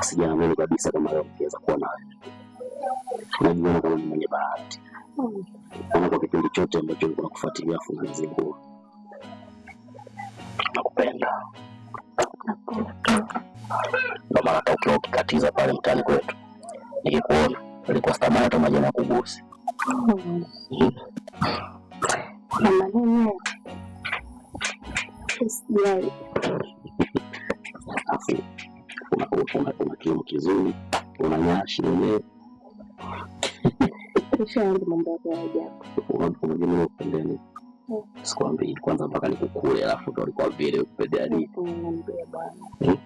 sijaamini kabisa kama leo nikiweza kuwa nawe. Najiona kama ni mwenye bahati ana kwa kipindi chote ambacho nilikuwa nakufuatilia funazingua. Nakupenda na maana hata ukiwa ukikatiza pale mtaani kwetu nikikuona nilikuwa sitamani hata majani ya kugusa una kiu kizuri, una nyashi mwenyewe kupendeni kwanza mpaka nikukule, alafu ndo alikuwa vile hmm?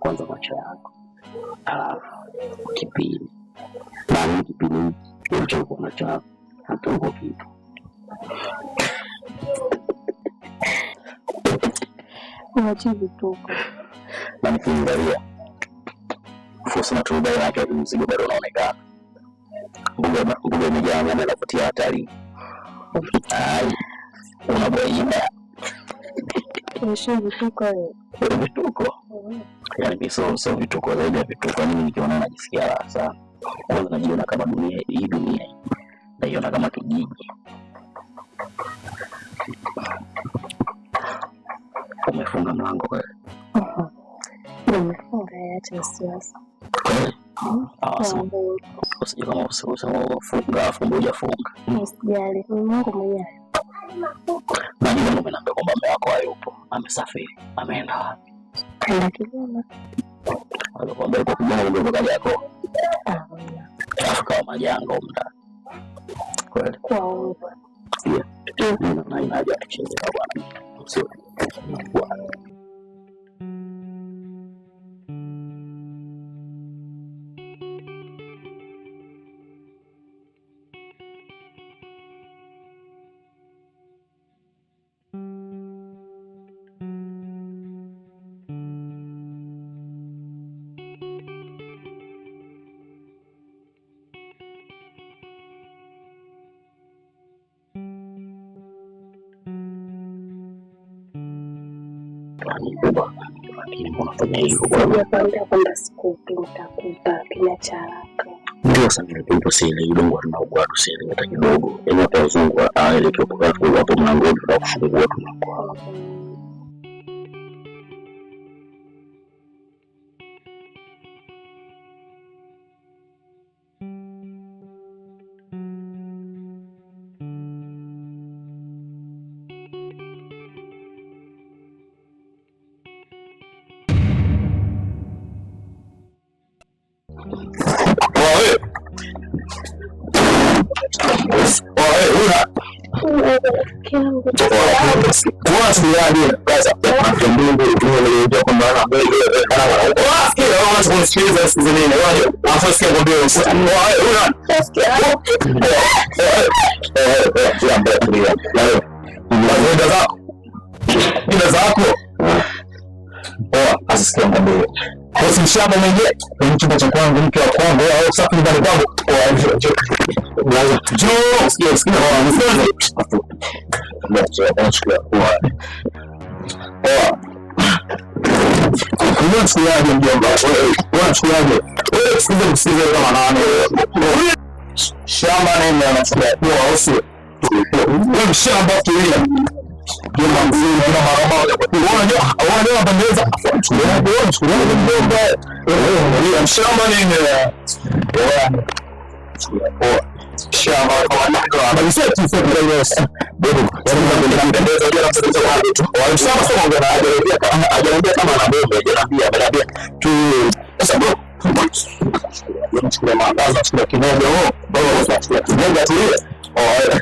kwanza macho yako, alafu kipindi na kipindi uchakuwa kitu wache vituko na nikiangalia fursa na turubai yake ya mzigo bado unaonekana. Mbuga imejaa nyama inavutia watalii. Ai, unabwaida vituko, yaani viso sio vituko, zaidi ya vituko. Mimi yaani nikiona najisikia raha sana. Kwanza najiona kama dunia hii, dunia naiona kama kijiji. Umefunga mlango kweli? Nimefunga acha wasiwasi. Usije kama ufunga afu hujafunga. Usijali, Mungu mwenyewe. Najua umeniambia kwamba mume wako hayupo, amesafiri, ameenda wapi? Kaenda Kigoma. Alikwambia yuko Kigoma ndio kaja yako. Alafu majanga umda. Kweli. Kwa uongo. Ndio. na inaja kuchezea bwana. Sio. ndio Samira kipo sile udongo hatuna ugwadu sile hata kidogo, yaani hata wazungu aelekea ah, hapo mlangoni tutakufungua tunakwama zako basi shaba mwenyewe kwenye chumba cha kwangu, mke wa kwangu au safi nyumbani kwangu. Unachukuaje mjomba? Unachukuaje? Wewe sikiza msikize kama nani? Shamba nini anachukua kwa hosi? Wewe shamba tu ile. Jomba mzuri kuna maroma. Unajua leo anapendeza. Mchukuliaje? Mchukuliaje mgomba? Wewe mshamba nini? Poa. Eh, shamba kwa nako. Basi sio sio kwa hiyo. Bado anampendeza bila msaidizi wa hadi tu. Wao shamba sio ngoma hajaambia kama hajaambia kama ana bomba hajaambia baadaye tu. Sasa bro. Mchukulia maandazi na kimoja oh, wao. Bado tunachukua kimoja tu. Oh, eh.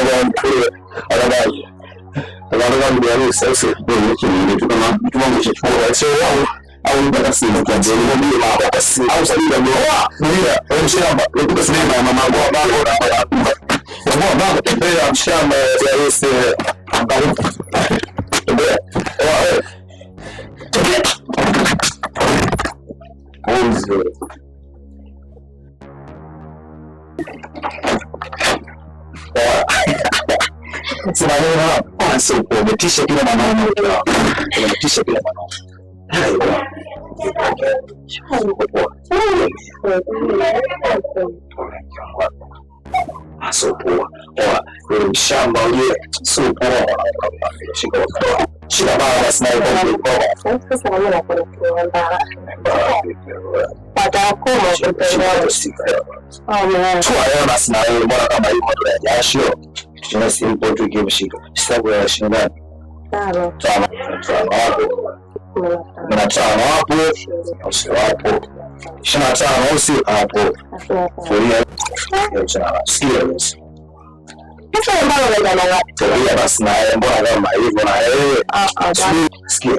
abantu ababaye abantu bambwira ngo sasa none kinini tukama tumango chakula sio wao au mpaka sina kwa jengo bila baba basi au sabida ndio ndio onshamba nikuta sinema ya mama wangu baba na baba baba baba tembea mshamba ya Yesu tembea tembea tembea umetisha kila mwanaume, umetisha kila mwanaume. Asopoa oa mshamba uje sopoa shika baba sinaoaaaasinawe mbona kama hiyo ya jasho Shina simple kwa shina ngapi? Tano. Tano. Tano Na tano hapo. Usi hapo. Shina tano usi hapo. Furia. Sikia basi. Sasa basi na mbona kama hivyo na wewe. Sikia.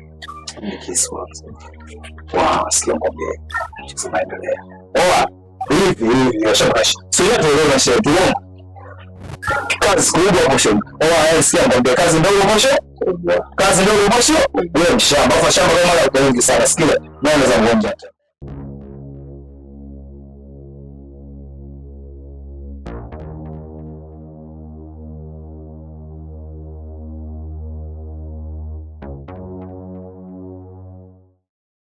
kufanikishwa. Kazi kubwa posho, eh, sikia nikwambia, kazi ndogo posho, kazi ndogo posho. Wewe mshamba, afa shamba kama la wengi sana, sikia nani za mgonja